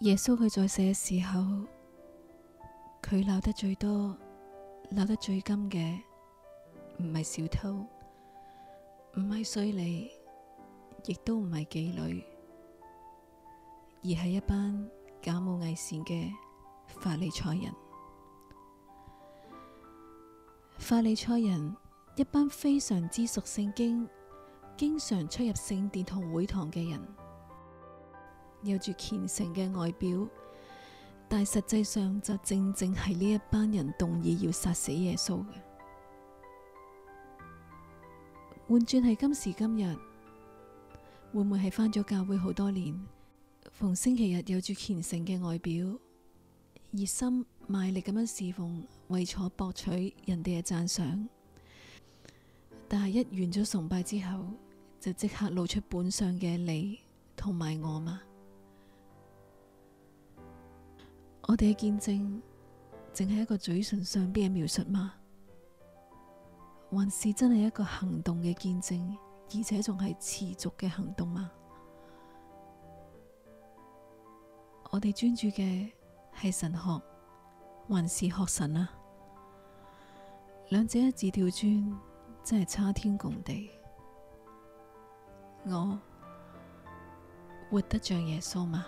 耶穌佢在世嘅時候，佢鬧得最多、鬧得最甘嘅，唔係小偷，唔係稅吏，亦都唔係妓女，而係一班假冒偽善嘅法利賽人。法利賽人一班非常之熟聖經，經常出入聖殿同會堂嘅人。有住虔誠嘅外表，但係實際上就正正係呢一班人動議要殺死耶穌嘅。換轉係今時今日，會唔會係返咗教會好多年，逢星期日有住虔誠嘅外表，熱心賣力咁樣侍奉，為咗博取人哋嘅贊賞，但係一完咗崇拜之後，就即刻露出本相嘅你同埋我嘛？我哋嘅見證淨係一個嘴脣上邊嘅描述嗎？還是真係一個行動嘅見證，而且仲係持續嘅行動嗎？我哋專注嘅係神學，還是學神啊？兩者一字調轉真係差天共地。我活得像耶穌嗎？